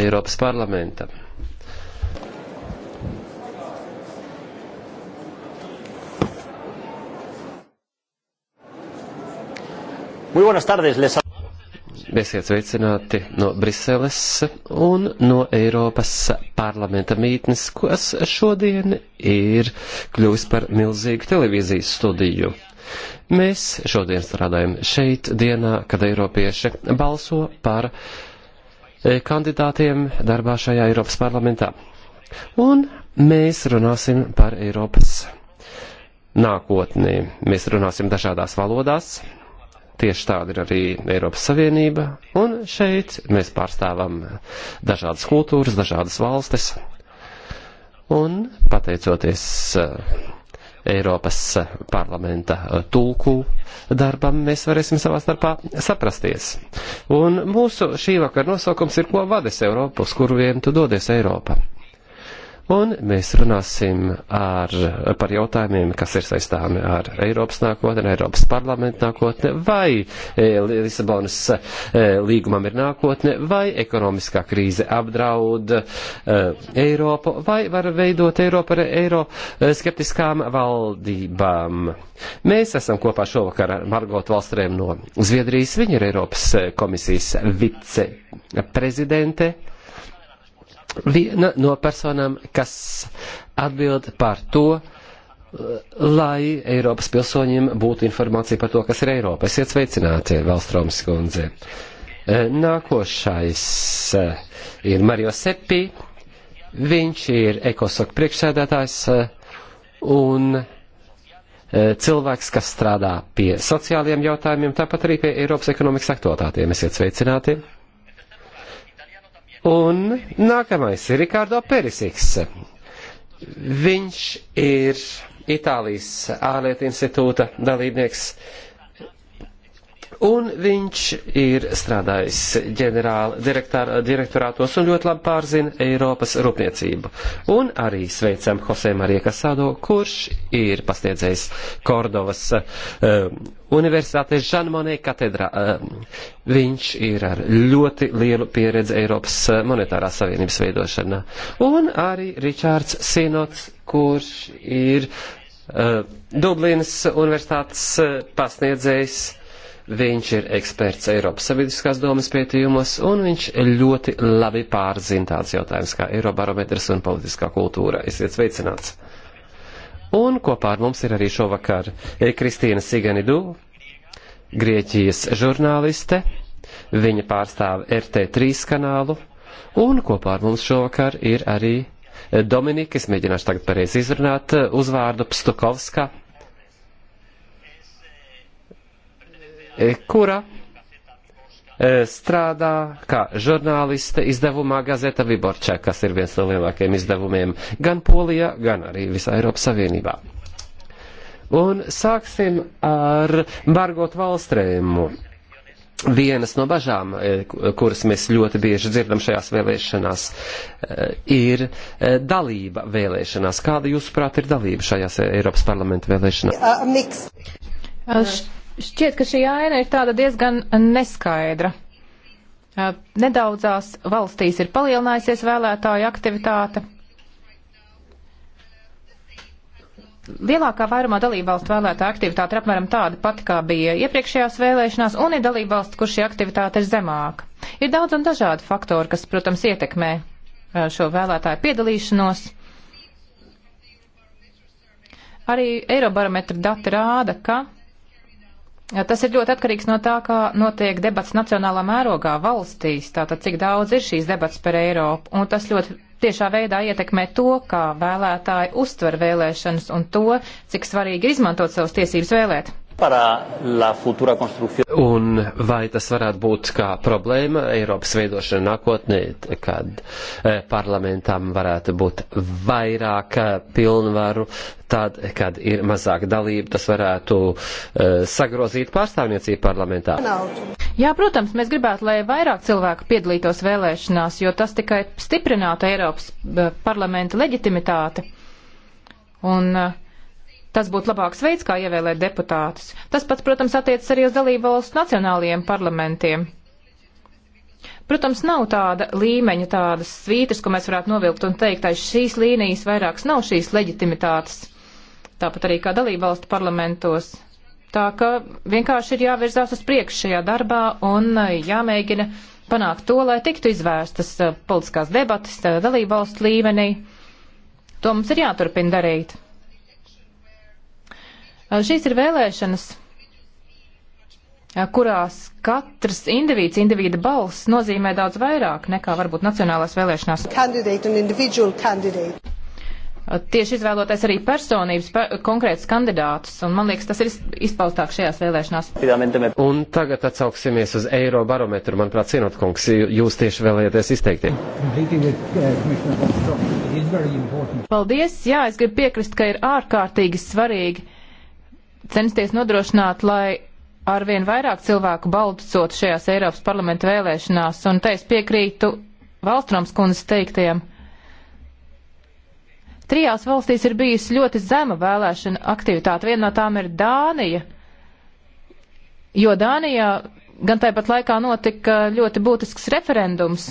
Eiropas parlamentam. Muy buenas tardes, les Esiet sveicināti no Briseles un no Eiropas parlamenta mītnes, kas šodien ir kļuvis par milzīgu televīzijas studiju. Mēs šodien strādājam šeit dienā, kad Eiropieši balso par uh, E, kandidātiem darbā šajā Eiropas parlamentā. Un mēs runāsim par Eiropas nākotnī. Mēs runāsim dažādās valodās. Tieši tāda ir arī Eiropas Savienība, un šeit mēs pārstāvam dažādas kultūras, dažādas valstis. Un pateicoties uh, Eiropas parlamenta eh, tulku darbam, mēs varēsim savā starpā saprasties. Un mūsu šī vakara nosaukums ir Ko vades Eiropas, kur vien tu dodies Eiropa? Un mēs runāsim ar, par jautājumiem, kas ir saistāmi ar Eiropas nākotni, Eiropas parlamentu nākotni, vai e, Lisabonas e, līgumam ir nākotne, vai ekonomiskā krīze apdraud e, Eiropu, vai var veidot Eiropu ar eiro skeptiskām valdībām. Mēs esam kopā šovakar ar Margot Valstrēm no Zviedrijas, viņa ir Eiropas komisijas viceprezidente viena no personām, kas atbild par to, lai Eiropas pilsoņiem būtu informācija par to, kas ir Eiropa. Esiet sveicināti, Valstroms kundze. E, nākošais e, ir Mario Seppi. Viņš ir ekosok priekšsēdētājs e, un cilvēks, kas strādā pie sociālajiem jautājumiem, tāpat arī pie Eiropas ekonomikas aktualitātiem. Esiet sveicināti. Un nākamais ir Rikārdo Perisiks. Viņš ir Itālijas ārlietu institūta dalībnieks. Uh, un viņš ir strādājis ģenerāla direktorātos un ļoti labi pārzina Eiropas rūpniecību. Un arī sveicam Jose Marija Kasado, kurš ir pasniedzējis Kordovas uh, eh, Universitātes Žanmonē katedrā. Uh, viņš ir ar ļoti lielu pieredzi Eiropas eh, monetārās savienības veidošanā. Un arī Ričārds Sinots, kurš ir uh, Dublinas universitātes uh, pasniedzējs Viņš ir eksperts Eiropas Savienības domas pētījumos, un viņš ļoti labi pārzina tāds jautājums kā Eirobarometrs un politiskā kultūra. Esiet sveicināts! Un kopā ar mums ir arī šovakar eh, Kristīna Siganidu, Grieķijas žurnāliste, viņa pārstāv RT3 kanālu, un kopā ar mums šovakar ir arī Dominika, es mēģināšu tagad pareizi izrunāt uzvārdu Pstukovska kura e, strādā kā žurnāliste izdevumā Gazeta Viborčā, kas ir viens no lielākajiem izdevumiem gan Polijā, gan arī visā Eiropas Savienībā. Un sāksim ar Margot Valstrēmu. Vienas no bažām, e, kuras mēs ļoti bieži dzirdam šajās vēlēšanās, e, ir dalība vēlēšanās. Kāda, jūsuprāt, ir dalība šajās Eiropas parlamenta vēlēšanās? Uh, miks. Uh, Šķiet, ka šī aina ir tāda diezgan neskaidra. Nedaudzās valstīs ir palielinājusies vēlētāju aktivitāte. Lielākā vairumā dalībvalstu vēlētāju aktivitāte ir apmēram tāda pati, kā bija iepriekšējās vēlēšanās, un ir dalībvalsts, kur šī aktivitāte ir zemāka. Ir daudz un dažādi faktori, kas, protams, ietekmē šo vēlētāju piedalīšanos. Arī Eirobarometra dati rāda, ka Tas ir ļoti atkarīgs no tā, kā notiek debats nacionālā mērogā valstīs, tātad cik daudz ir šīs debats par Eiropu, un tas ļoti tiešā veidā ietekmē to, kā vēlētāji uztver vēlēšanas un to, cik svarīgi ir izmantot savas tiesības vēlēt para la futura construcción. Un vai tas varētu būt kā problēma Eiropas veidošana nākotnē, kad eh, parlamentam varētu būt vairāk eh, pilnvaru, tad, kad ir mazāk dalība, tas varētu eh, sagrozīt pārstāvniecību parlamentā? Jā, protams, mēs gribētu, lai vairāk cilvēku piedalītos vēlēšanās, jo tas tikai stiprinātu Eiropas parlamenta leģitimitāti. Un uh, Tas būtu labāks veids, kā ievēlēt deputātus. Tas pats, protams, attiecas arī uz dalību valsts nacionālajiem parlamentiem. Protams, nav tāda līmeņa, tādas svītras, ko mēs varētu novilkt un teikt, ka šīs līnijas vairs nav šīs leģitimitātes. Tāpat arī kā dalībvalstu parlamentos. Tā ka vienkārši ir jāvirzās uz priekšu šajā darbā un eh, jāmēģina panākt to, lai tiktu izvērstas eh, politiskās debatas eh, dalībvalstu līmenī. To mums ir jāturpina darīt. Šīs ir vēlēšanas, kurās katrs indivīds, individa balss nozīmē daudz vairāk nekā varbūt nacionālās vēlēšanās. Candidate un individual candidate. Tieši izvēloties arī personības, pa, konkrētus kandidātus, un man liekas, tas ir izpaustāk šajās vēlēšanās. Un tagad atsauksimies uz eiro barometru, manuprāt, cienot kungs, jūs tieši vēlējāties izteikties. Paldies, jā, es gribu piekrist, ka ir ārkārtīgi svarīgi censties nodrošināt, lai arvien vairāk cilvēku balsot šajās Eiropas parlamenta vēlēšanās, un te es piekrītu Valstroms kundzes teiktajam. Trijās valstīs ir bijusi ļoti zema vēlēšana aktivitāte. Viena no tām ir Dānija, jo Dānijā gan tāpat laikā notika ļoti būtisks referendums.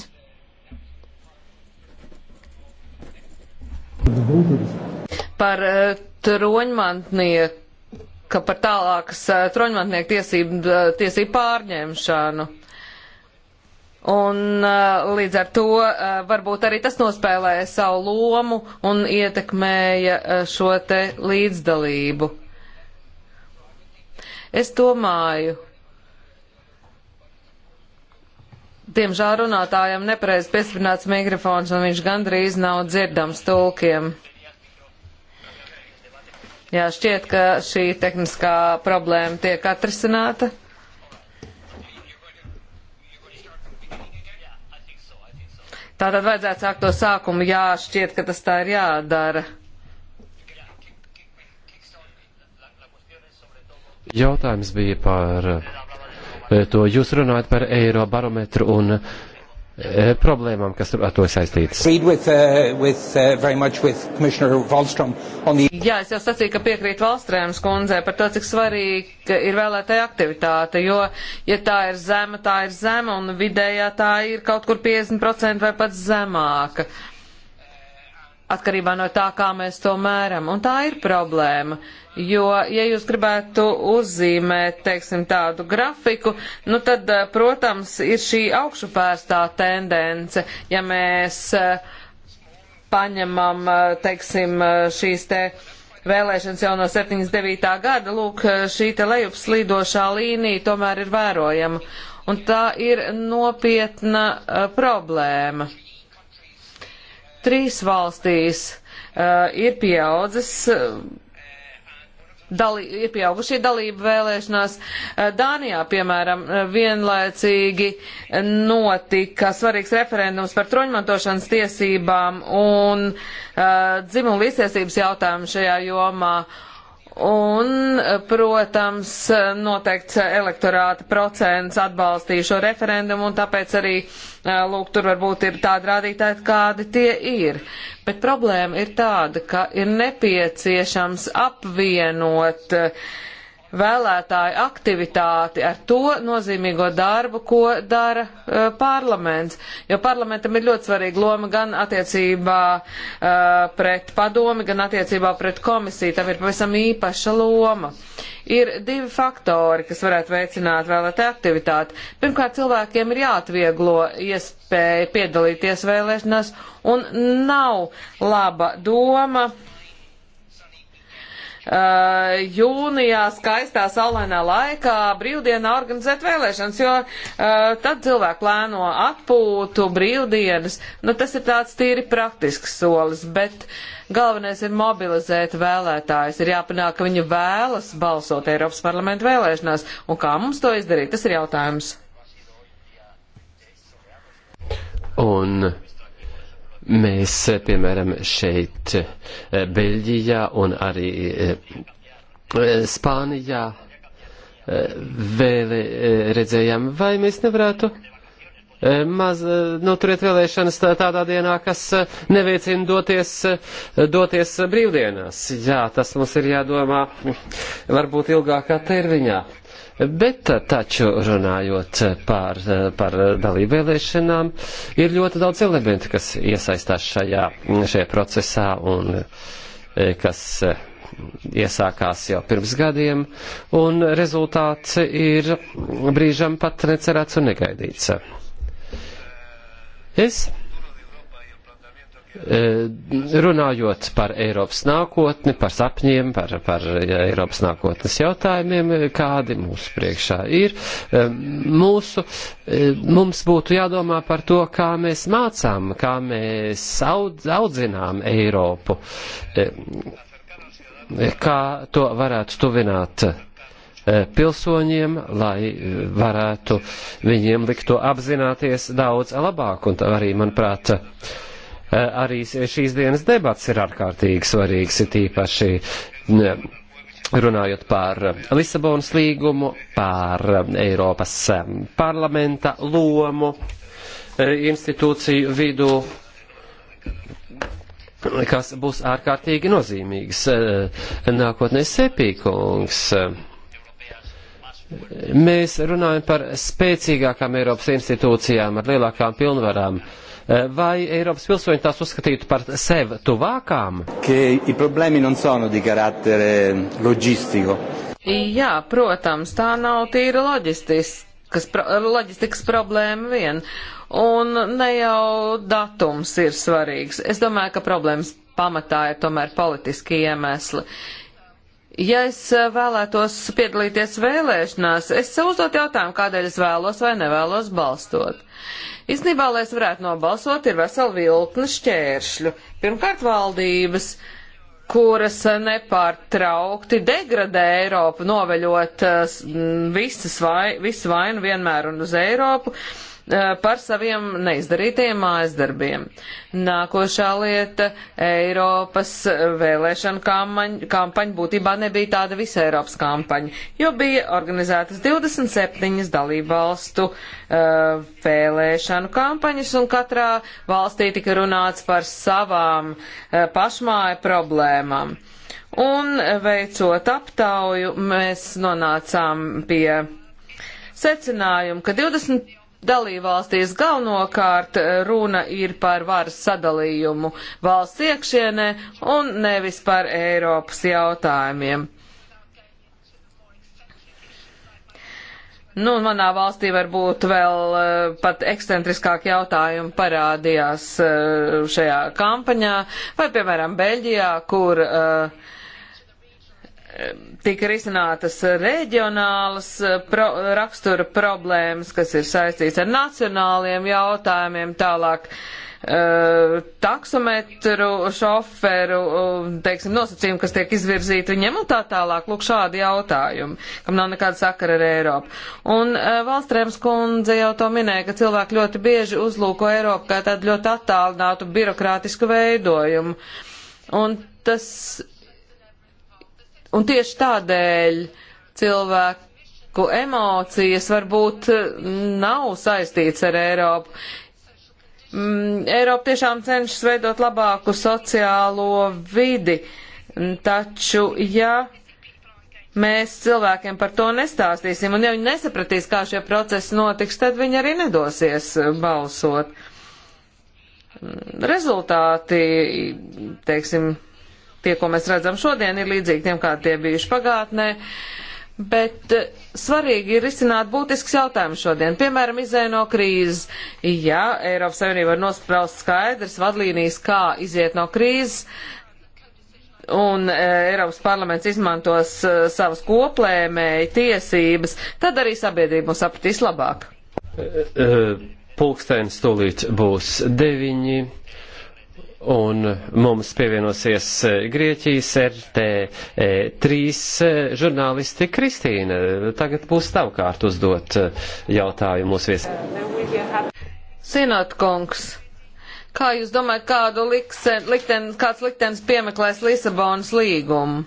Par uh, troņmantnieku ka par tālākas eh, troņmantnieku tiesību, eh, tiesību pārņemšanu. Un eh, līdz ar to varbūt arī tas nospēlēja savu lomu un ietekmēja šo te līdzdalību. Es domāju, diemžēl runātājam nepareiz piesprināts mikrofons un viņš gandrīz nav dzirdams tulkiem. Jā, šķiet, ka šī tehniskā problēma tiek atrisināta. Tātad vajadzētu sākt to sākumu. Jā, šķiet, ka tas tā ir jādara. Jautājums bija par eh, to. Jūs runājat par eiro barometru un uh, Eh, problēmām, kas ar to saistītas. Eh, eh, Jā, es jau sacīju, ka piekrīt Valstrēmas kundzē par to, cik svarīga ir vēlētāja aktivitāte, jo, ja tā ir zema, tā ir zema, un vidējā tā ir kaut kur 50% vai pat zemāka. Uh, atkarībā no tā, kā mēs to mēram. Un tā ir problēma, jo, ja jūs gribētu uzzīmēt, teiksim, tādu grafiku, nu tad, eh, protams, ir šī augšupērstā tendence, ja mēs eh, paņemam, eh, teiksim, šīs te vēlēšanas jau no 79. gada, lūk, šī te lejupslīdošā līnija tomēr ir vērojama. Un tā ir nopietna uh, problēma trīs valstīs uh, ir pieaudzis. Uh, Dalī, ir pieaugušie dalību vēlēšanās. Uh, Dānijā, piemēram, uh, vienlaicīgi notika svarīgs referendums par troņmantošanas tiesībām un uh, dzimumu līdztiesības jautājumu šajā jomā. Uh, Un, protams, noteikts elektorāta procents atbalstīja šo referendumu, un tāpēc arī, lūk, tur varbūt ir tādi rādītāji, kādi tie ir. Bet problēma ir tāda, ka ir nepieciešams apvienot uh, vēlētāju aktivitāti, ar to nozīmīgo darbu, ko dara uh, parlaments. Jo parlamentam ir ļoti svarīga loma gan attiecībā uh, pret padomi, gan attiecībā pret komisiju. Tam ir pavisam īpaša loma. Ir divi faktori, kas varētu veicināt vēlētāju aktivitāti. Pirmkārt, cilvēkiem ir jāatvieglo iespēja piedalīties vēlēšanās, un nav laba doma uh, jūnijā skaistā saulainā laikā brīvdienā organizēt vēlēšanas, jo uh, tad cilvēki plēno atpūtu, brīvdienas. Nu, tas ir tāds tīri praktisks solis, bet galvenais ir mobilizēt vēlētājus. Ir jāpanāk, ka viņi vēlas balsot Eiropas parlamentu vēlēšanās. Un kā mums to izdarīt, tas ir jautājums. Un Mēs, piemēram, šeit eh, Beļģijā un arī eh, eh, Spānijā vēle redzējām, vai mēs nevarētu maz noturēt vēlēšanas tādā dienā, kas neveicina doties, doties brīvdienās. Jā, tas mums ir jādomā mm, varbūt ilgākā termiņā. Bet taču runājot par, par dalību vēlēšanām, ir ļoti daudz elementi, kas iesaistās šajā, šajā procesā un e, kas e, iesākās jau pirms gadiem, un rezultāts ir brīžam pat necerēts un negaidīts. Es Eh, runājot par Eiropas nākotni, par sapņiem, par, par Eiropas nākotnes jautājumiem, kādi mūsu priekšā ir, eh, mūsu, eh, mums būtu jādomā par to, kā mēs mācām, kā mēs audz, audzinām Eiropu, kā to varētu tuvināt pilsoņiem, lai varētu viņiem likt to apzināties daudz labāk, un arī, manuprāt, Eh, arī šīs dienas debats ir ārkārtīgi svarīgs, ir tīpaši runājot par eh, Lisabonas līgumu, par eh, Eiropas parlamenta lomu institūciju vidū, kas būs ārkārtīgi nozīmīgs nākotnē sepīkungs Mēs runājam par spēcīgākām Eiropas institūcijām ar lielākām pilnvarām. Eh, vai Eiropas pilsoņi tās uzskatītu par sev tuvākām? Jā, protams, tā nav tīra loģistiskas, loģistikas problēma vien. Un ne jau datums ir svarīgs. Es domāju, ka problēmas pamatā ir tomēr politiski iemesli. Uh, Ja es eh, vēlētos piedalīties vēlēšanās, es sev uzdot jautājumu, kādēļ es vēlos vai nevēlos balstot. Īstenībā, lai es varētu nobalsot, ir vesela vilkne šķēršļu. Pirmkārt, valdības, kuras eh, nepārtraukti degradē Eiropu, noveļot eh, visas vai, visu vainu vienmēr un uz Eiropu. Uh, Eh, par saviem neizdarītajiem mājas darbiem. Nākošā lieta - Eiropas vēlēšana kampaņa, kampaņa būtībā nebija tāda visa Eiropas kampaņa, jo bija organizētas 27 dalībvalstu uh, vēlēšanu kampaņas un katrā valstī tika runāts par savām uh, eh, pašmāju problēmām. Un veicot aptauju, mēs nonācām pie secinājumu, ka 20 dalībvalstīs galvenokārt eh, runa ir par varas sadalījumu valsts iekšienē un nevis par Eiropas jautājumiem. Nu, manā valstī varbūt vēl uh, pat ekscentriskāk jautājumi parādījās uh, šajā kampaņā, vai, piemēram, Beļģijā, kur uh, tika risinātas reģionālas eh, pro, rakstura problēmas, kas ir saistīts ar nacionāliem jautājumiem, tālāk uh, taksometru šoferu, uh, teiksim, nosacījumu, kas tiek izvirzīti viņiem un tā tālāk, lūk, šādi jautājumi, kam nav nekāda sakara ar Eiropu. Un uh, Valstrēms kundze jau to minēja, ka cilvēki ļoti bieži uzlūko Eiropu kā tādu ļoti attālinātu birokrātisku veidojumu. Un tas Un tieši tādēļ cilvēku emocijas varbūt mm, nav saistīts ar Eiropu. Mm, Eiropa tiešām cenšas veidot labāku sociālo vidi, mm, taču, ja mēs cilvēkiem par to nestāstīsim, un ja viņi nesapratīs, kā šie procesi notiks, tad viņi arī nedosies balsot. Rezultāti, teiksim, tie, ko mēs redzam šodien, ir līdzīgi tiem, kā tie bijuši pagātnē. Bet eh, svarīgi ir izcināt būtisks jautājums šodien, piemēram, izēja no krīzes. Ja Eiropas Savienība var nospraust skaidrs vadlīnijas, kā iziet no krīzes, un eh, Eiropas parlaments izmantos eh, savas koplēmēji tiesības, tad arī sabiedrība mūs sapratīs labāk. Pulkstens tūlīt būs deviņi un mums pievienosies e, Grieķijas RT3 e e, žurnālisti Kristīna. Tagad būs tavu kārtu uzdot jautājumu mūsu viesiem. Sināt, kungs, kā jūs domājat, kādu liksen, likten, kāds liktenis piemeklēs Lisabonas līgumu?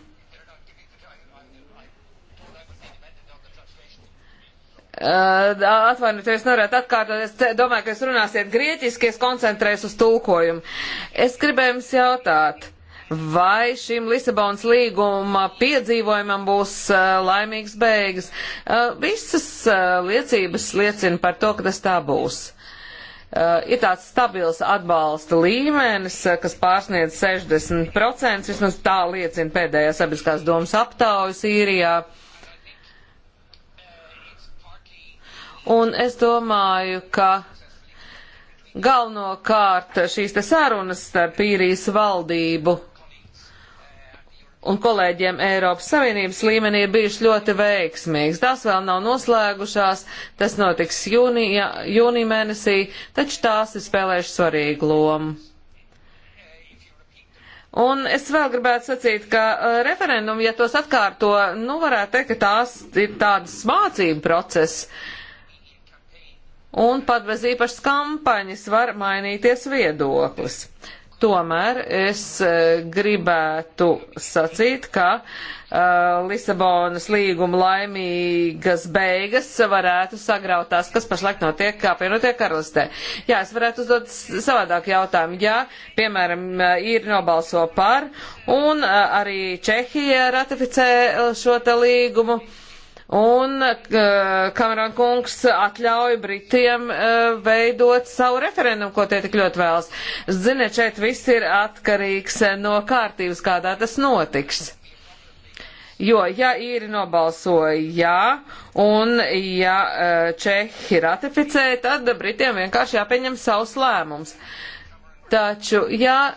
Atvainojiet, es nevarētu atkārtot. Es domāju, ka jūs runāsiet grieķiski, es koncentrēšu uz tulkojumu. Es gribēju jums jautāt, vai šim Lisabonas līguma piedzīvojumam būs laimīgs beigas? Visas liecības liecina par to, ka tas tā būs. Ir tāds stabils atbalsta līmenis, kas pārsniedz 60%, vismaz tā liecina pēdējā sabiedriskās domas aptaujas īrijā. Ja Un es domāju, ka galvenokārt šīs te sarunas starp īrijas valdību un kolēģiem Eiropas Savienības līmenī ir bijuši ļoti veiksmīgs. Tās vēl nav noslēgušās, tas notiks jūnija, jūnija mēnesī, taču tās ir spēlējuši svarīgu lomu. Un es vēl gribētu sacīt, ka uh, referendumi, ja tos atkārto, nu varētu teikt, ka tās ir tādas mācību process. Uh, un pat bez īpašas kampaņas var mainīties viedoklis. Tomēr es e, gribētu sacīt, ka uh, Lisabonas līguma laimīgas beigas varētu sagraut tās, kas pašlaik notiek apvienotie karalistē. Jā, es varētu uzdot savādāk jautājumu. Jā, piemēram, e, ir nobalso par, un uh, arī Čehija ratificē šo te līgumu. Uh, Un Kamerāna kungs atļauj Britiem e, veidot savu referendumu, ko tie tik ļoti vēlas. Ziniet, šeit viss ir atkarīgs no kārtības, kādā tas notiks. Jo, ja īri nobalsoja jā, un ja e, čehi ratificēja, tad Britiem vienkārši jāpieņem savs lēmums. Uh, Taču, ja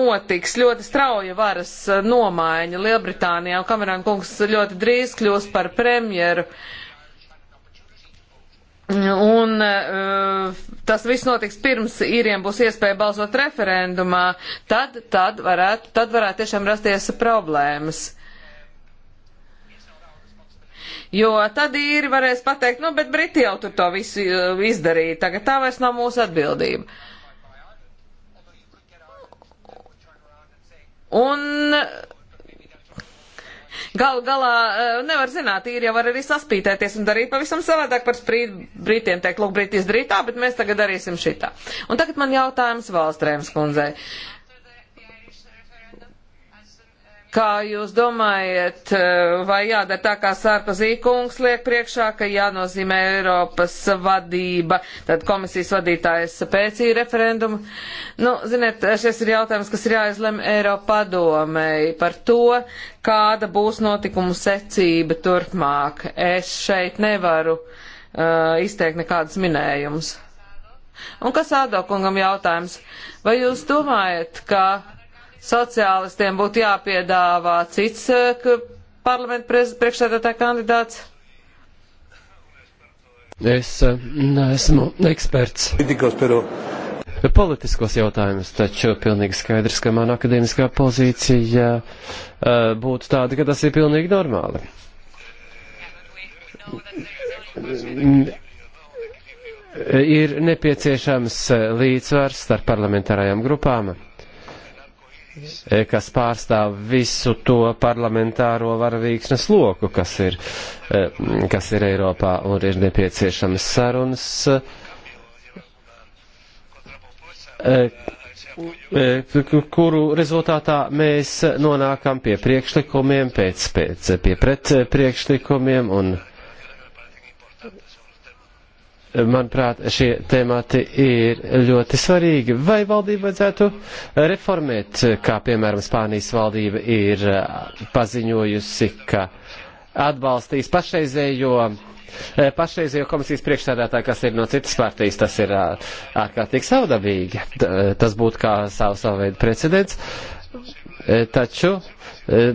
notiks ļoti strauja varas eh, nomaiņa Lielbritānijā, un Kamerāna kungs ļoti drīz kļūs par premjeru, un uh, tas viss notiks pirms īriem būs iespēja balsot referendumā, tad, tad, varētu, tad varētu tiešām rasties problēmas. Jo tad īri varēs pateikt, nu, bet Briti jau tur to visu eh, izdarīja, tagad tā vairs nav mūsu atbildība. Uh, Un gal galā e, nevar zināt, īri jau var arī saspītēties un darīt pavisam savādāk par sprīt, brītiem, teikt, lūk, brīt izdarīt tā, bet mēs tagad darīsim šitā. Un tagad man jautājums Valstrēms kundzei. Uh, Kā jūs domājat, eh, vai jādara tā, kā Sārkozī kungs liek priekšā, ka jānozīmē Eiropas vadība, tad komisijas vadītājs pēc īra referendumu? Nu, ziniet, šis ir jautājums, kas ir jāizlem Eiropadomei par to, kāda būs notikumu secība turpmāk. Es šeit nevaru uh, izteikt nekādus minējumus. Un kas Ādokungam jautājums? Vai jūs domājat, ka sociālistiem būtu jāpiedāvā cits eh, parlamenta priekšsēdētāja kandidāts? Es eh, neesmu eksperts. Politikos, pero... Politiskos jautājumus, taču pilnīgi skaidrs, ka mana akadēmiskā pozīcija eh, būtu tāda, ka tas ir pilnīgi normāli. Ir nepieciešams līdzsvars starp parlamentārajām grupām. E, kas pārstāv visu to parlamentāro varavīksnes loku, kas ir, e, kas ir Eiropā un ir nepieciešamas sarunas, e, kuru rezultātā mēs nonākam pie priekšlikumiem, pēc, pēc, pie pretpriekšlikumiem un manuprāt, šie temati ir ļoti svarīgi. Vai valdību vajadzētu reformēt, kā piemēram Spānijas valdība ir eh, paziņojusi, ka atbalstīs pašreizējo, eh, pašreizējo komisijas priekšstādātāju, kas ir no citas partijas, tas ir eh, ārkārtīgi savdabīgi. Tas būtu kā savu savu veidu precedents. Taču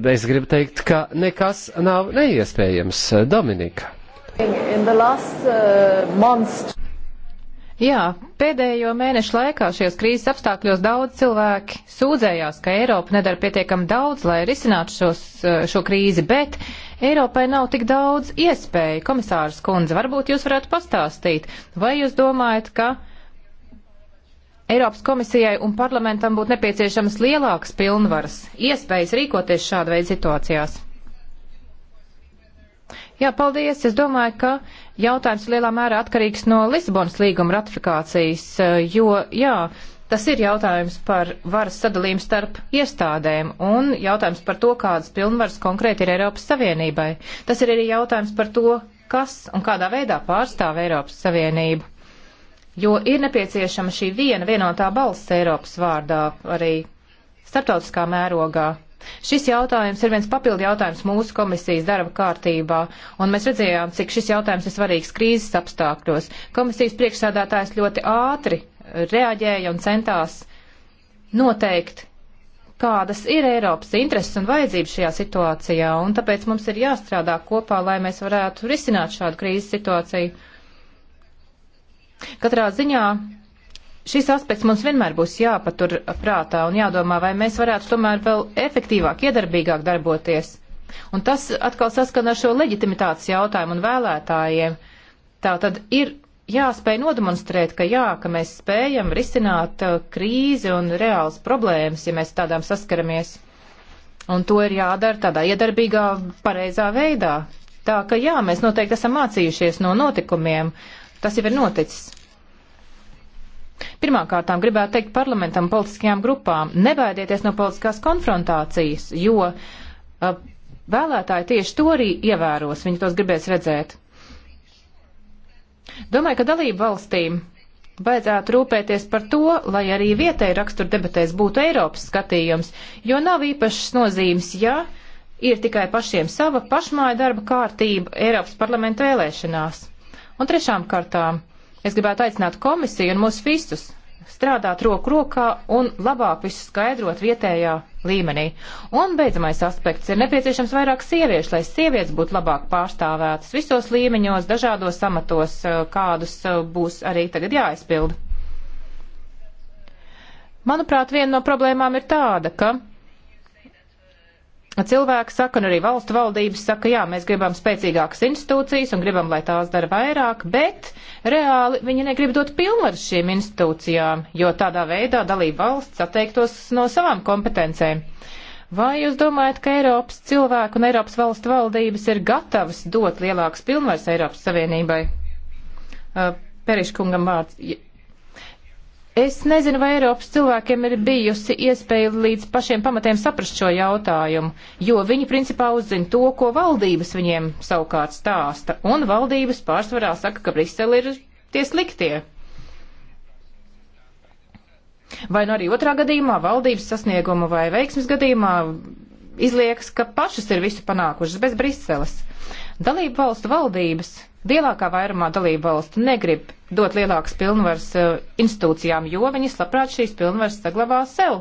es gribu teikt, ka nekas nav neiespējams. Dominika. Last, uh, Jā, pēdējo mēnešu laikā šajos krīzes apstākļos daudz cilvēki sūdzējās, ka Eiropa nedara pietiekam daudz, lai risinātu šos, uh, šo krīzi, bet Eiropai nav tik daudz iespēju. Komisārs Kundze, varbūt jūs varētu pastāstīt, vai jūs domājat, ka Eiropas komisijai un parlamentam būtu nepieciešamas lielākas pilnvaras, iespējas rīkoties šāda veida situācijās? Jā, paldies. Es domāju, ka jautājums lielā mērā atkarīgs no Lisabonas līguma ratifikācijas, eh, jo, jā, tas ir jautājums par varas sadalījumu starp iestādēm un jautājums par to, kādas pilnvaras konkrēti ir Eiropas Savienībai. Tas ir arī jautājums par to, kas un kādā veidā pārstāv Eiropas Savienību. Jo ir nepieciešama šī viena vienotā balss Eiropas vārdā arī starptautiskā mērogā. Šis jautājums ir viens papildu jautājums mūsu komisijas darba kārtībā, un mēs redzējām, cik šis jautājums ir svarīgs krīzes apstākļos. Komisijas priekšsādātājs ļoti ātri reaģēja un centās noteikt, kādas ir Eiropas intereses un vajadzības šajā situācijā, un tāpēc mums ir jāstrādā kopā, lai mēs varētu risināt šādu krīzes situāciju. Katrā ziņā Šis aspekts mums vienmēr būs jāpatur prātā un jādomā, vai mēs varētu tomēr vēl efektīvāk, iedarbīgāk darboties. Un tas atkal saskana ar šo leģitimitātes jautājumu un vēlētājiem. Tā tad ir jāspēj nodemonstrēt, ka jā, ka mēs spējam risināt uh, krīzi un reāls problēmas, ja mēs tādām saskaramies. Un to ir jādara tādā iedarbīgā, pareizā veidā. Tā ka jā, mēs noteikti esam mācījušies no notikumiem. Tas jau ir noticis. Pirmkārtām gribētu teikt parlamentam, politiskajām grupām, nebaidieties no politiskās konfrontācijas, jo uh, vēlētāji tieši to arī ievēros, viņi tos gribēs redzēt. Domāju, ka dalību valstīm Vajadzētu rūpēties par to, lai arī vietēji rakstur debatēs būtu Eiropas skatījums, jo nav īpašas nozīmes, ja ir tikai pašiem sava pašmāja darba kārtība Eiropas parlamenta vēlēšanās. Un trešām kārtām Es gribētu aicināt komisiju un mūs visus strādāt roku rokā un labāk visu skaidrot vietējā līmenī. Un beidzamais aspekts ir nepieciešams vairāk sieviešu, lai sievietes būtu labāk pārstāvētas visos līmeņos, dažādos amatos, eh, kādus eh, būs arī tagad jāaizpilda. Manuprāt, viena no problēmām ir tāda, ka cilvēki saka, un arī valstu valdības saka, jā, mēs gribam spēcīgākas institūcijas un gribam, lai tās dara vairāk, bet Reāli viņi negrib dot pilnvaru šīm institūcijām, jo tādā veidā dalība valsts atteiktos no savām kompetencēm. Vai jūs domājat, ka Eiropas cilvēku un Eiropas valstu valdības ir gatavas dot lielākas pilnvaras Eiropas Savienībai? Uh, Periškungam vārds. Es nezinu, vai Eiropas cilvēkiem ir bijusi iespēja līdz pašiem pamatiem saprast šo jautājumu, jo viņi principā uzzina to, ko valdības viņiem savukārt stāsta, un valdības pārsvarā saka, ka Brisele ir tie sliktie. Vai nu arī otrā gadījumā, valdības sasnieguma vai veiksmes gadījumā, izliekas, ka pašas ir visu panākušas bez Briseles. Dalību valstu valdības Lielākā vairumā dalību valstu negrib dot lielākas pilnvaras eh, institūcijām, jo viņas labprāt šīs pilnvaras saglabā sev.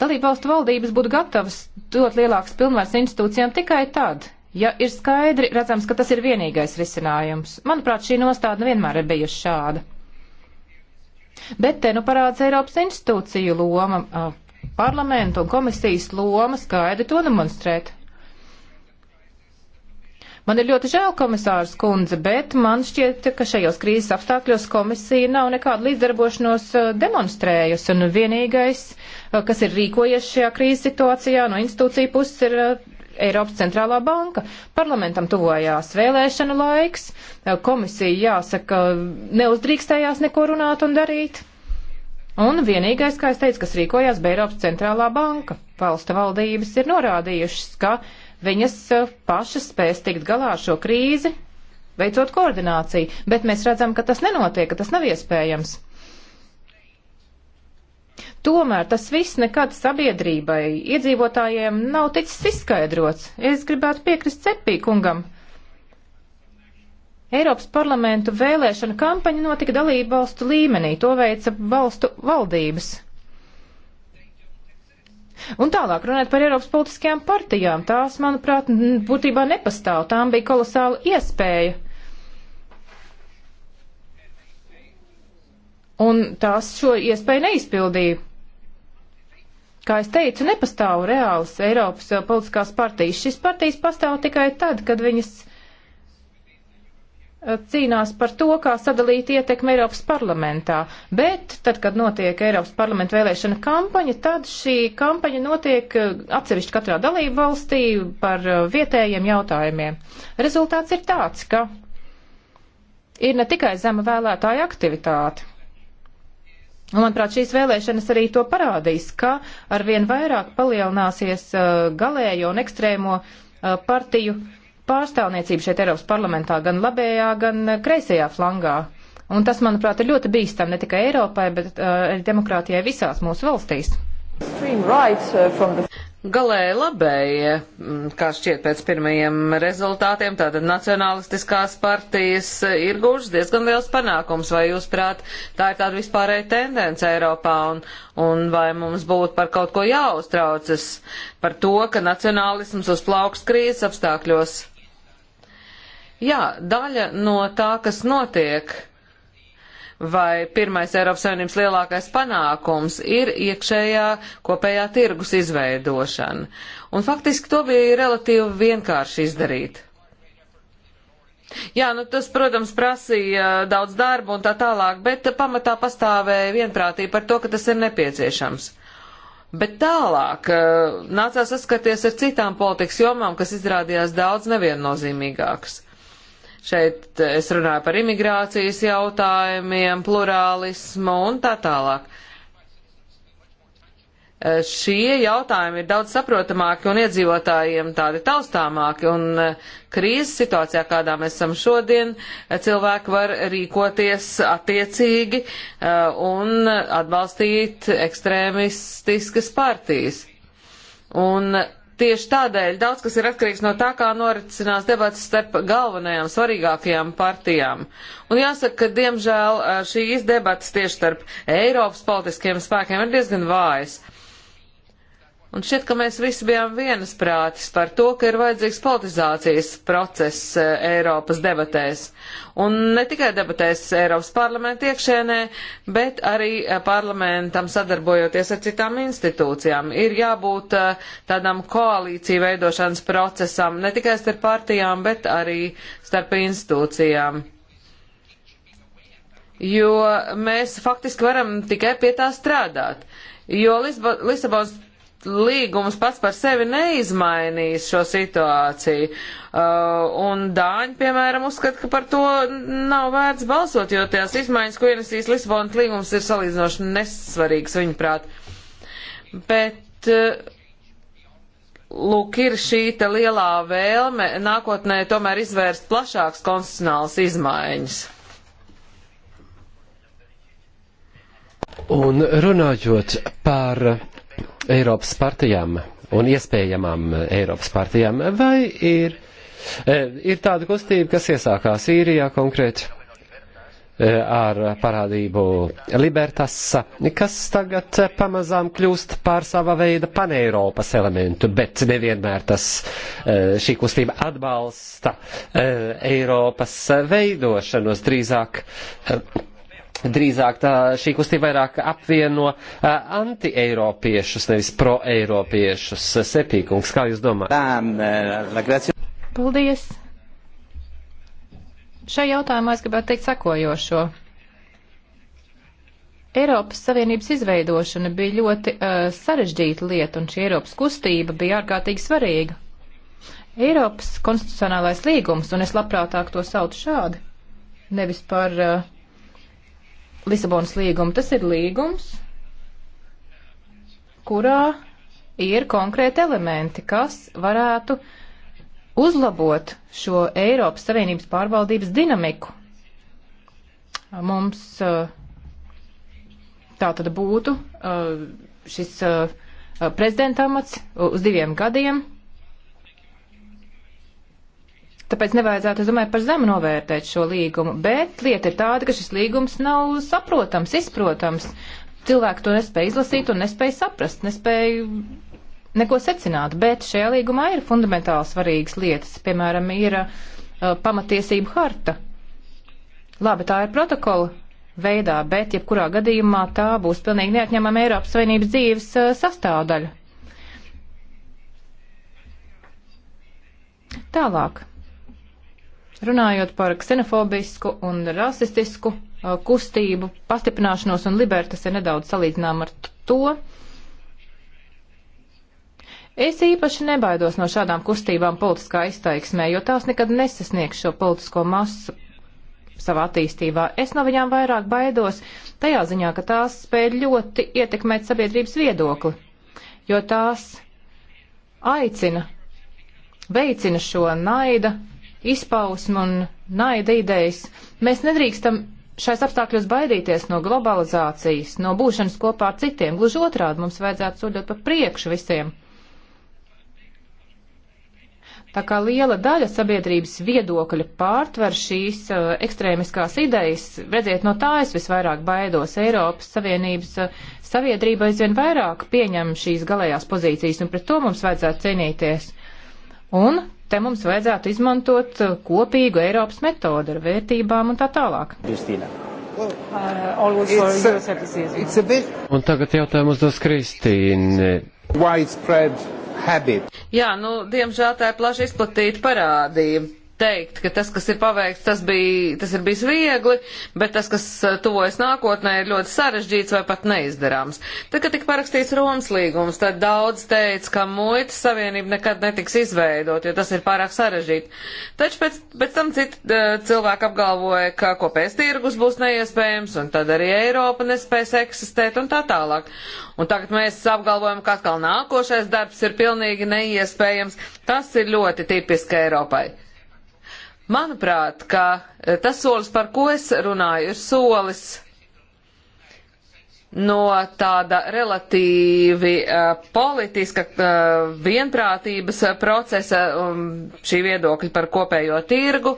Dalību valstu valdības būtu gatavas dot lielākas pilnvaras institūcijām tikai tad, ja ir skaidri redzams, ka tas ir vienīgais risinājums. Manuprāt, šī nostāda vienmēr ir bijusi šāda. Bet te nu parāds Eiropas institūciju loma, eh, parlamentu un komisijas loma skaidri to demonstrēt. Man ir ļoti žēl, komisārs kundze, bet man šķiet, ka šajos krīzes apstākļos komisija nav nekādu līdzdarbošanos eh, demonstrējusi, un vienīgais, eh, kas ir rīkojies šajā krīzes situācijā no institūcija puses, ir eh, Eiropas centrālā banka. Parlamentam tuvojās vēlēšanu laiks, komisija, jāsaka, neuzdrīkstējās neko runāt un darīt. Un vienīgais, kā es teicu, kas rīkojās, bija Eiropas centrālā banka. Valsta valdības ir norādījušas, ka uh, Viņas e, pašas spēs tikt galā ar šo krīzi, veicot koordināciju, bet mēs redzam, ka tas nenotiek, ka tas nav iespējams. Tomēr tas viss nekad sabiedrībai, iedzīvotājiem nav ticis izskaidrots. Es gribētu piekrist Cepī kungam. Eiropas parlamentu vēlēšana kampaņa notika dalību valstu līmenī, to veica valstu valdības. Un tālāk runāt par Eiropas politiskajām partijām. Tās, manuprāt, būtībā nepastāv. Tām bija kolosāla iespēja. Un tās šo iespēju neizpildīja. Kā es teicu, nepastāv reāls Eiropas eh, politiskās partijas. Šis partijas pastāv tikai tad, kad viņas Eh, cīnās par to, kā sadalīt ietekmi Eiropas parlamentā. Bet tad, kad notiek Eiropas parlamenta vēlēšana kampaņa, tad šī kampaņa notiek eh, atsevišķi katrā dalību valstī par eh, vietējiem jautājumiem. Rezultāts ir tāds, ka ir ne tikai zema vēlētāja aktivitāte. Un, manuprāt, šīs vēlēšanas arī to parādīs, ka arvien vairāk palielināsies galējo un ekstrēmo partiju uh, pārstāvniecību šeit Eiropas parlamentā gan labējā, gan eh, kreisajā flangā. Un tas, manuprāt, ir ļoti bīstam ne tikai Eiropai, bet eh, arī uh, demokrātijai visās mūsu valstīs. Eh, Galēji labējie, mm, kā šķiet pēc pirmajiem rezultātiem, tātad nacionalistiskās partijas ir gužas diezgan liels panākums, vai jūs prāt, tā ir tāda vispārēja tendence Eiropā, un, un vai mums būtu par kaut ko jāuztraucas, par to, ka nacionālisms uz plaukst krīzes apstākļos Jā, daļa no tā, kas notiek, vai pirmais Eiropas Savienības lielākais panākums ir iekšējā kopējā tirgus izveidošana. Un faktiski to bija relatīvi vienkārši izdarīt. Jā, nu tas, protams, prasīja daudz darba un tā tālāk, bet pamatā pastāvēja vienprātība par to, ka tas ir nepieciešams. Bet tālāk eh, nācās saskaties ar citām politikas jomām, kas izrādījās daudz neviennozīmīgākas. Šeit eh, es runāju par imigrācijas jautājumiem, plurālismu un tā tālāk. Eh, šie jautājumi ir daudz saprotamāki un iedzīvotājiem tādi taustāmāki, un eh, krīzes situācijā, kādā mēs esam šodien, cilvēki var rīkoties attiecīgi un atbalstīt ekstrēmistiskas partijas. Un Tieši tādēļ daudz kas ir atkarīgs no tā, kā noricinās debats starp galvenajām, svarīgākajām partijām. Un jāsaka, ka diemžēl šīs debatas tieši starp Eiropas politiskiem spēkiem ir diezgan vājas. Un šķiet, ka mēs visi bijām vienasprātis par to, ka ir vajadzīgs politizācijas process e, Eiropas debatēs. Un ne tikai debatēs Eiropas parlamenta iekšēnē, bet arī e, parlamentam sadarbojoties ar citām institūcijām. Ir jābūt e, tādam koalīciju veidošanas procesam ne tikai starp partijām, bet arī starp institūcijām. Jo mēs faktiski varam tikai pie tā strādāt. Jo Lisab Lisabonas līgums pats par sevi neizmainīs šo situāciju. Uh, un Dāņi, piemēram, uzskata, ka par to nav vērts balsot, jo tās izmaiņas, ko ienesīs Lisbonas līgums, ir salīdzinoši nesvarīgas, viņuprāt. Bet, uh, lūk, ir šī te lielā vēlme nākotnē tomēr izvērst plašāks konstitucionāls izmaiņas. Un runājot par Eiropas partijām un iespējamām Eiropas partijām, vai ir, e, ir tāda kustība, kas iesākās īrijā konkrēti e, ar parādību Libertas, kas tagad pamazām kļūst par sava veida paneiropas elementu, bet nevienmēr tas e, šī kustība atbalsta Eiropas veidošanos drīzāk drīzāk tā, šī kustība vairāk apvieno anti-eiropiešus, nevis pro-eiropiešus. Sepīkungs, kā jūs domājat? Paldies! Šai jautājumā es gribētu teikt sakojošo. Eiropas Savienības izveidošana bija ļoti uh, sarežģīta lieta, un šī Eiropas kustība bija ārkārtīgi svarīga. Eiropas konstitucionālais līgums, un es labprātāk to saucu šādi, nevis par uh, Lisabonas līgumu. Tas ir līgums, kurā ir konkrēti elementi, kas varētu uzlabot šo Eiropas Savienības pārvaldības dinamiku. Mums eh, tā tad būtu eh, šis eh, prezidentamats uz diviem gadiem Tāpēc nevajadzētu, es domāju, par zemu novērtēt šo līgumu. Bet lieta ir tāda, ka šis līgums nav saprotams, izprotams. Cilvēki to nespēja izlasīt un nespēja saprast, nespēja neko secināt. Bet šajā līgumā ir fundamentāli svarīgas lietas. Piemēram, ir uh, pamatiesība harta. Labi, tā ir protokola veidā, bet jebkurā gadījumā tā būs pilnīgi neatņemama Eiropas Savienības dzīves uh, sastāvdaļa. Tālāk Runājot par ksenofobisku un rasistisku uh, kustību pastiprināšanos un libertas ir nedaudz salīdzinām ar to. Es īpaši nebaidos no šādām kustībām politiskā izteiksmē, jo tās nekad nesasniegs šo politisko masu savā attīstībā. Es no viņām vairāk baidos tajā ziņā, ka tās spēj ļoti ietekmēt sabiedrības viedokli, jo tās aicina, veicina šo naida izpausmu un naida idejas. Mēs nedrīkstam šais apstākļos baidīties no globalizācijas, no būšanas kopā ar citiem. Gluži otrādi mums vajadzētu soļot pa priekšu visiem. Tā kā liela daļa sabiedrības viedokļa pārtver šīs uh, ekstrēmiskās idejas, redziet, no tā es visvairāk baidos. Eiropas Savienības uh, sabiedrība aizvien vairāk pieņem šīs galējās pozīcijas, un pret to mums vajadzētu cīnīties. Un te mums vajadzētu izmantot uh, kopīgu Eiropas metodu ar vērtībām un tā tālāk. Justīna. Uh, un tagad jautājumu uzdos Kristīne. Jā, nu, diemžēl tā ir plaši izplatīta parādība teikt, ka tas, kas ir paveikts, tas, bija, tas ir bijis viegli, bet tas, kas uh, tuvojas nākotnē, ir ļoti sarežģīts vai pat neizdarāms. Tad, kad tika parakstīts Romas līgums, tad daudz teica, ka muitas savienība nekad netiks izveidot, jo tas ir pārāk sarežģīti. Taču pēc, pēc tam citi uh, cilvēki apgalvoja, ka kopējs tirgus būs neiespējams, un tad arī Eiropa nespēs eksistēt un tā tālāk. Un tagad mēs apgalvojam, ka atkal nākošais darbs ir pilnīgi neiespējams. Tas ir ļoti tipiski Eiropai. Manuprāt, ka e, tas solis, par ko es runāju, ir solis no tāda relatīvi uh, politiska uh, vienprātības procesa um, šī viedokļa par kopējo tirgu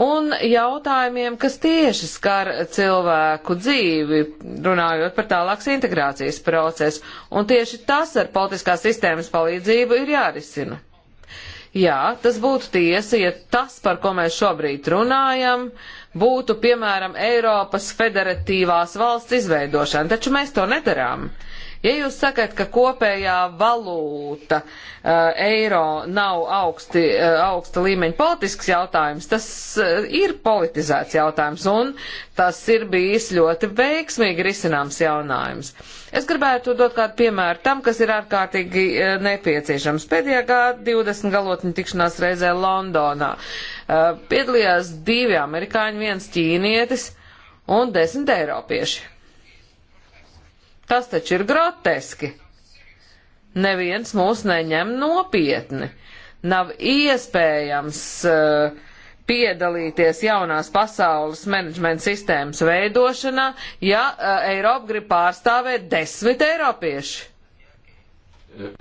un jautājumiem, kas tieši skar cilvēku dzīvi, runājot par tālākas integrācijas procesu. Un tieši tas ar politiskās sistēmas palīdzību ir jārisina. Jā, tas būtu tiesa, ja tas, par ko mēs šobrīd runājam, būtu, piemēram, Eiropas federatīvās valsts izveidošana, taču mēs to nedarām. Uh, Ja jūs sakat, ka kopējā valūta uh, eiro nav augsti, uh, augsta līmeņa politisks jautājums, tas uh, ir politizēts jautājums un tas ir bijis ļoti veiksmīgi risināms jaunājums. Es gribētu dot kādu piemēru tam, kas ir ārkārtīgi uh, nepieciešams. Pēdējā gada 20 galotņu tikšanās reizē Londonā uh, piedalījās divi amerikāņi, viens ķīnietis un desmit eiropieši Tas taču ir groteski. Neviens mūs neņem nopietni. Nav iespējams uh, piedalīties jaunās pasaules menedžmenta sistēmas veidošanā, ja uh, eh, Eiropu grib pārstāvēt desmit eiropieši.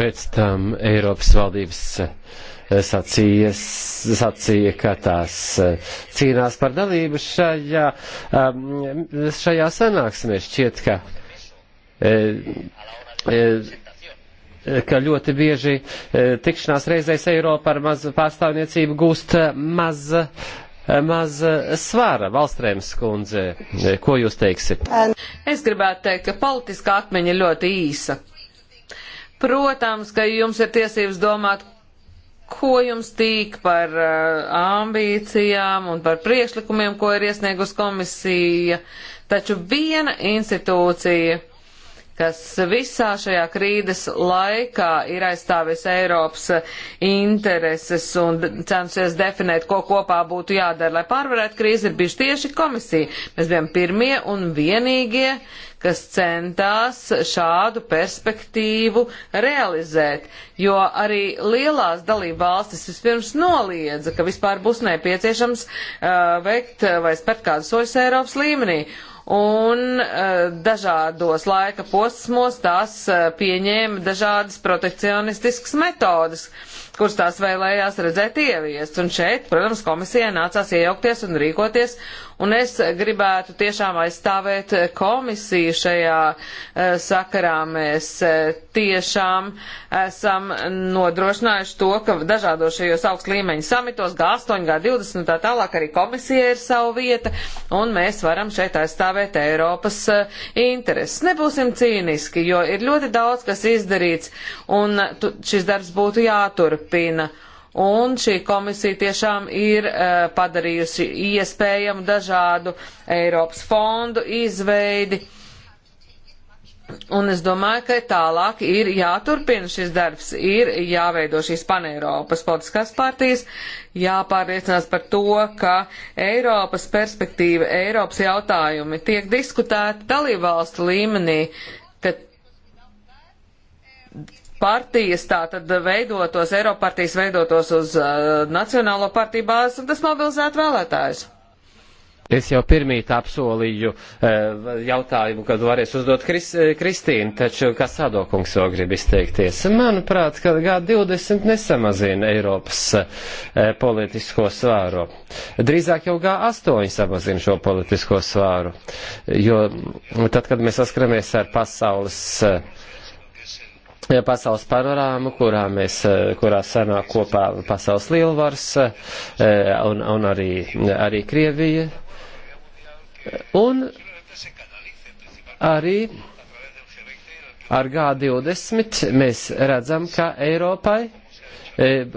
Pēc tam Eiropas valdības eh, sacīja, sacīja ka tās cīnās par dalību šajā, ehm, šajā sanāksmē. Šķiet, ka Eh, eh, eh, ka ļoti bieži tikšanās reizēs Eiropa ar maz pārstāvniecību gūst maz, maz svara. Valstrēms kundze, ko jūs teiksiet? Es gribētu teikt, ka politiskā atmiņa ir ļoti īsa. Protams, ka jums ir tiesības domāt, ko jums tīk par ambīcijām un par priekšlikumiem, ko ir iesniegus komisija, taču viena institūcija kas visā šajā krīdes laikā ir aizstāvis Eiropas intereses un cenšies definēt, ko kopā būtu jādara, lai pārvarētu krīzi, ir bijuši tieši komisija. Mēs bijām pirmie un vienīgie, uh, kas centās šādu perspektīvu realizēt, jo arī lielās dalība valstis vispirms noliedza, ka vispār būs nepieciešams uh, veikt vai spērt kādu soļus Eiropas līmenī un uh, dažādos laika posmos tās uh, pieņēma dažādas protekcionistiskas metodas, kuras tās vēlējās redzēt ieviest. Un šeit, protams, komisijai nācās iejaukties un rīkoties, Un es gribētu tiešām aizstāvēt komisiju šajā eh, sakarā. Mēs eh, tiešām esam nodrošinājuši to, ka dažādos šajos augst līmeņa samitos, G8, G20 un tā tālāk arī komisija ir savu vieta, un mēs varam šeit aizstāvēt Eiropas eh, intereses. Nebūsim cīniski, jo ir ļoti daudz, kas izdarīts, un šis darbs būtu jāturpina. Un šī komisija tiešām ir uh, padarījusi iespējamu dažādu Eiropas fondu izveidi. Un es domāju, ka tālāk ir jāturpina šis darbs, ir jāveido šīs paneiropas politiskās partijas, jāpārliecinās par to, ka Eiropas perspektīva, Eiropas jautājumi tiek diskutēti dalībvalstu līmenī, ka partijas tātad veidotos, Eiropartijas veidotos uz uh, Nacionālo partiju bāzes un tas mobilizētu vēlētājus. Es jau pirmīt apsolīju uh, jautājumu, kad varēs uzdot Kris, uh, Kristīnu, taču kā sadokungs vēl grib izteikties. Manuprāt, ka G20 nesamazina Eiropas uh, politisko svāru. Drīzāk jau G8 samazina šo politisko svāru, jo tad, kad mēs saskaramies ar pasaules uh, pasaules panorāmu, kurā mēs, eh, kurā sanāk kopā pasaules lielvars eh, un, un arī, arī Krievija. Un arī ar G20 mēs redzam, ka Eiropai E,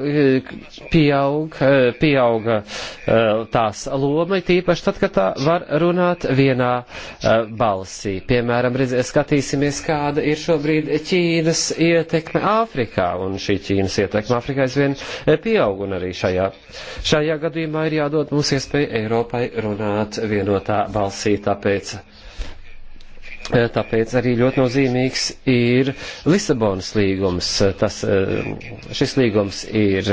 pieaug, e, pieauga e, tās loma, tīpaši tad, kad tā var runāt vienā balsī. Piemēram, redz, skatīsimies, kāda ir šobrīd Ķīnas ietekme Āfrikā, un šī Ķīnas ietekme Āfrikā aizvien pieaug, un arī šajā, šajā gadījumā ir jādod mums iespēja Eiropai runāt vienotā balsī, tāpēc Eh, tāpēc arī ļoti nozīmīgs ir Lisabonas līgums. Eh, tas, eh, šis līgums ir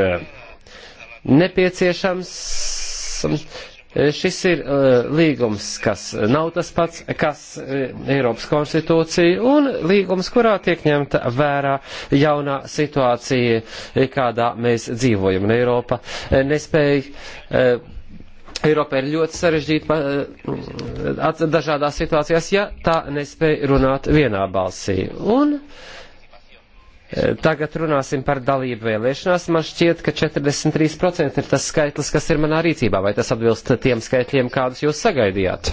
nepieciešams. Šis ir līgums, kas nav tas pats, kas Eiropas konstitūcija, un līgums, kurā tiek ņemta vērā jaunā situācija, kādā mēs dzīvojam. Un Eiropa nespēja Eiropa ir ļoti sarežģīta eh, dažādās situācijās, ja tā nespēja runāt vienā balsī. Un eh, tagad runāsim par dalību vēlēšanās. Man šķiet, ka 43% ir tas skaitlis, kas ir manā rīcībā. Vai tas atbilst tiem skaitļiem, kādus jūs sagaidījāt?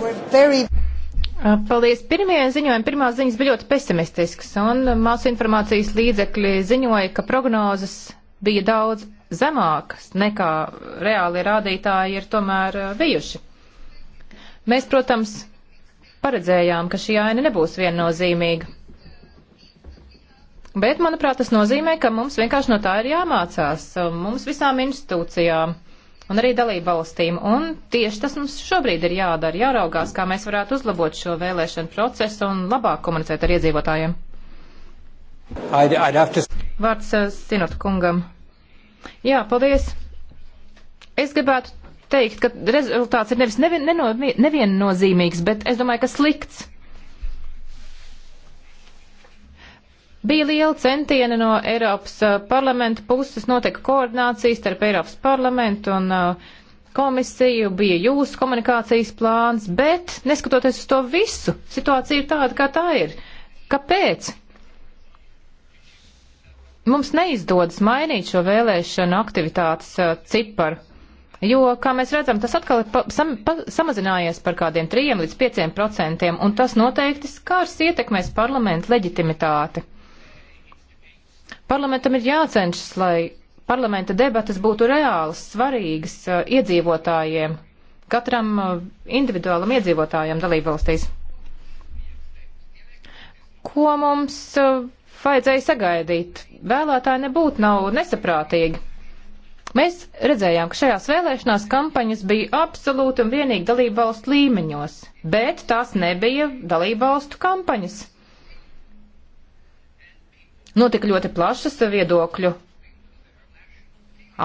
Uh, paldies. Pirmie ziņojumi, pirmās ziņas bija ļoti pesimistisks, un uh, masu informācijas līdzekļi ziņoja, ka prognozes bija daudz zemākas nekā reāli rādītāji ir tomēr eh, bijuši. Mēs, protams, paredzējām, ka šī aina nebūs viennozīmīga. Bet, manuprāt, tas nozīmē, ka mums vienkārši no tā ir jāmācās, eh, mums visām institūcijām un arī dalībvalstīm. Un tieši tas mums šobrīd ir jādara, jāraugās, kā mēs varētu uzlabot šo vēlēšanu procesu un labāk komunicēt ar iedzīvotājiem. I'd, I'd to... Vārds eh, Sinot kungam. Jā, paldies. Es gribētu teikt, ka rezultāts ir nevis nevien, neno, neviennozīmīgs, bet es domāju, ka slikts. Bija liela centiena no Eiropas uh, parlamenta puses, notika koordinācijas starp Eiropas parlamentu un uh, komisiju, bija jūsu komunikācijas plāns, bet neskatoties uz to visu, situācija ir tāda, kā tā ir. Kāpēc? mums neizdodas mainīt šo vēlēšanu aktivitātes uh, ciparu. Jo, kā mēs redzam, tas atkal ir pa, sam, pa, samazinājies par kādiem 3 līdz 5 procentiem, un tas noteikti skārs ietekmēs parlamentu leģitimitāti. Parlamentam ir jācenšas, lai parlamenta debatas būtu reālas, svarīgas uh, iedzīvotājiem, katram uh, individuālam iedzīvotājam dalībvalstīs. Ko mums uh, vajadzēja sagaidīt. Vēlētāji nebūtu nav nesaprātīgi. Mēs redzējām, ka šajās vēlēšanās kampaņas bija absolūti un vienīgi dalībvalstu līmeņos, bet tās nebija dalībvalstu kampaņas. Notika ļoti plašas viedokļu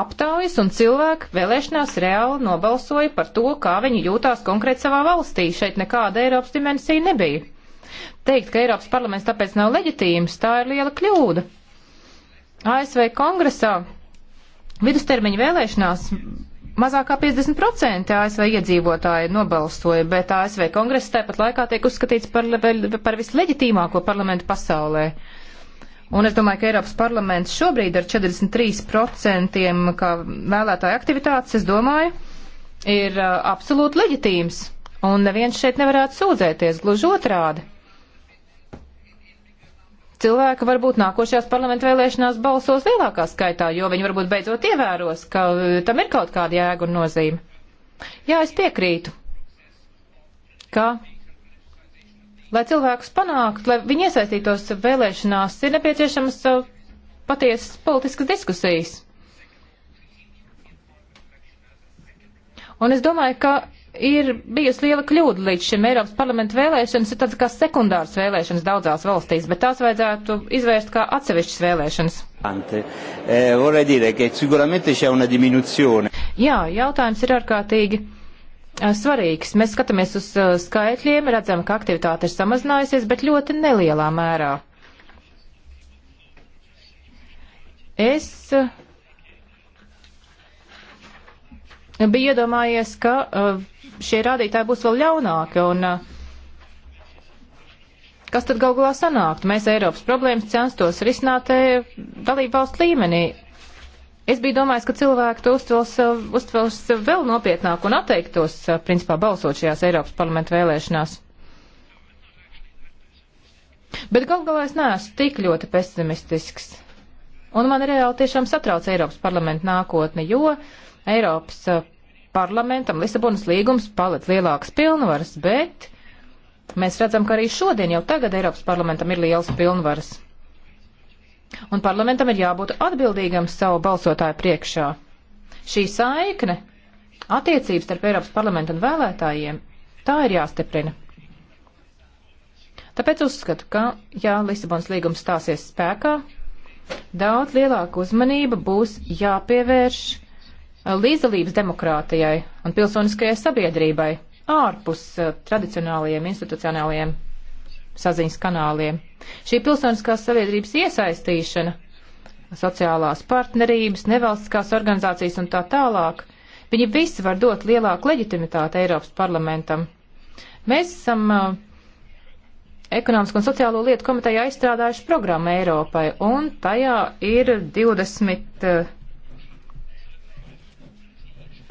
aptaujas, un cilvēki vēlēšanās reāli nobalsoja par to, kā viņi jūtās konkrēti savā valstī. Šeit nekāda Eiropas dimensija nebija. Teikt, ka Eiropas parlaments tāpēc nav leģitīms, tā ir liela kļūda. ASV kongresā vidustermiņa vēlēšanās mazākā 50% ASV iedzīvotāji nobalsoja, bet ASV kongress tāpat laikā tiek uzskatīts par, par visleģitīmāko parlamentu pasaulē. Un es domāju, ka Eiropas parlaments šobrīd ar 43% kā vēlētāju aktivitātes, es domāju, ir uh, absolūti leģitīms. Un neviens šeit nevarētu sūdzēties, gluži otrādi cilvēki varbūt nākošajās parlamentu vēlēšanās balsos lielākā skaitā, jo viņi varbūt beidzot ievēros, ka eh, tam ir kaut kāda jēga un nozīme. Jā, es piekrītu, ka, lai cilvēkus panāktu, lai viņi iesaistītos vēlēšanās, ir nepieciešamas eh, patiesas politiskas diskusijas. Un es domāju, ka ir bijusi liela kļūda līdz šim. Eiropas parlamenta vēlēšanas ir tādas kā sekundāras vēlēšanas daudzās valstīs, bet tās vajadzētu izvērst kā atsevišķas vēlēšanas. Eh, Jā, jautājums ir ārkārtīgi eh, svarīgs. Mēs skatāmies uz eh, skaitļiem, redzam, ka aktivitāte ir samazinājusies, bet ļoti nelielā mērā. Es biju iedomājies, ka uh, šie rādītāji būs vēl ļaunāki. Un, eh, Kas tad gal galā sanāktu? Mēs Eiropas problēmas censtos risināt eh, dalību valstu līmenī. Es biju domājis, ka cilvēki to uztvels, eh, uztvels vēl nopietnāk un atteiktos, principā, balsot šajās Eiropas parlamenta vēlēšanās. Bet gal galā es neesmu tik ļoti pesimistisks. Un man reāli tiešām satrauc Eiropas parlamenta nākotne, jo Eiropas parlamentam Lisabonas līgums paliek lielāks pilnvaras, bet mēs redzam, ka arī šodien jau tagad Eiropas parlamentam ir liels pilnvaras. Un parlamentam ir jābūt atbildīgam savu balsotāju priekšā. Šī saikne, attiecības starp Eiropas parlamentu un vēlētājiem, tā ir jāstiprina. Tāpēc uzskatu, ka, ja Lisabonas līgums stāsies spēkā, daudz lielāka uzmanība būs jāpievērš Eh, līdzdalības demokrātijai un pilsoniskajai sabiedrībai ārpus eh, tradicionālajiem institucionālajiem saziņas kanāliem. Šī pilsoniskās sabiedrības iesaistīšana, sociālās partnerības, nevalstiskās organizācijas un tā tālāk, viņi visi var dot lielāku leģitimitāti Eiropas parlamentam. Mēs esam uh, ekonomisko un sociālo lietu komiteja aizstrādājuši programmu Eiropai, un tajā ir 20. Uh,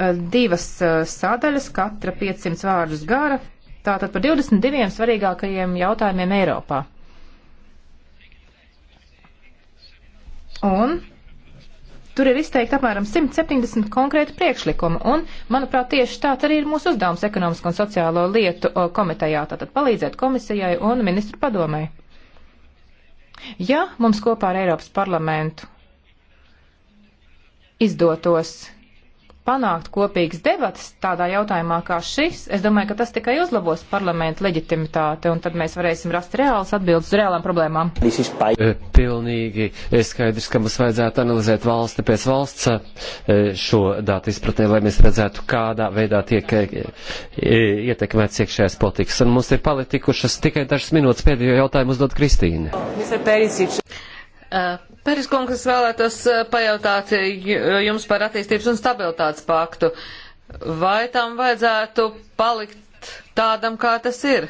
Eh, divas eh, sadaļas, katra 500 vārdus gara, tātad par 22 svarīgākajiem jautājumiem Eiropā. Un tur ir izteikti apmēram 170 konkrēti priekšlikumi, un, manuprāt, tieši tāds arī ir mūsu uzdevums ekonomisko un sociālo lietu eh, komitejā, tātad palīdzēt komisijai un ministru padomai. Ja mums kopā ar Eiropas parlamentu izdotos panākt kopīgas debatas tādā jautājumā kā šis, es domāju, ka tas tikai uzlabos parlamentu leģitimitāti, un tad mēs varēsim rast reāls atbildes uz reālām problēmām. Eh, pilnīgi skaidrs, ka mums vajadzētu analizēt valsti pēc valsts eh, šo datu izpratnē, lai mēs redzētu, kādā veidā tiek eh, ietekmēts iekšējās politikas. Un mums ir palikušas tikai dažas minūtes pēdējo jautājumu uzdot Kristīne. Eh, Periskungs, es vēlētos eh, pajautāt eh, jums par attīstības un stabilitātes paktu. Vai tam vajadzētu palikt tādam, kā tas ir?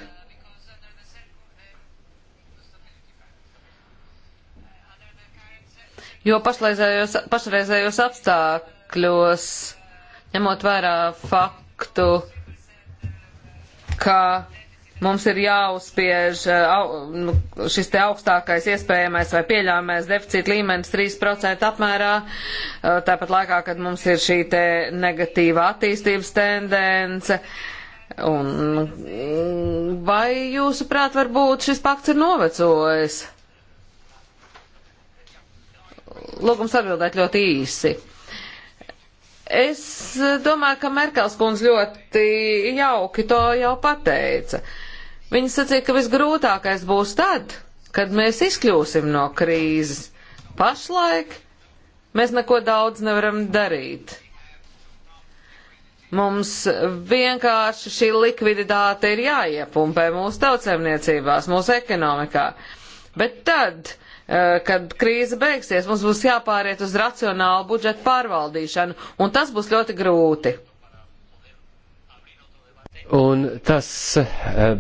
Jo pašreizējos, pašreizējos apstākļos, ņemot vērā faktu, ka Mums ir jāuzspiež eh, nu, šis te augstākais iespējamais vai pieļāmais deficīta līmenis 3% apmērā, eh, tāpat laikā, kad mums ir šī te negatīva attīstības tendence. Un vai jūsuprāt, varbūt šis pakts ir novecojis? Lūgums atbildēt ļoti īsi. Es eh, domāju, ka Merkels kundze ļoti jauki to jau pateica. Uh, Viņa sacīja, ka visgrūtākais būs tad, kad mēs izkļūsim no krīzes. Pašlaik mēs neko daudz nevaram darīt. Mums vienkārši šī likviditāte ir jāiepumpē mūsu tautsēmniecībās, mūsu ekonomikā. Bet tad, eh, kad krīze beigsies, mums būs jāpāriet uz racionālu budžetu pārvaldīšanu, un tas būs ļoti grūti. Un tas eh,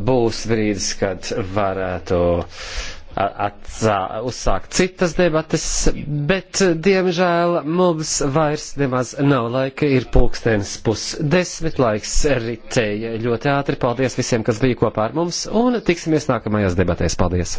būs brīdis, kad varētu atsā, uzsākt citas debates, bet, diemžēl, mums vairs nemaz nav laika, ir pulkstenis pusdesmit, laiks ritēja ļoti ātri. Paldies visiem, kas bija kopā ar mums, un tiksimies nākamajās debatēs. Paldies!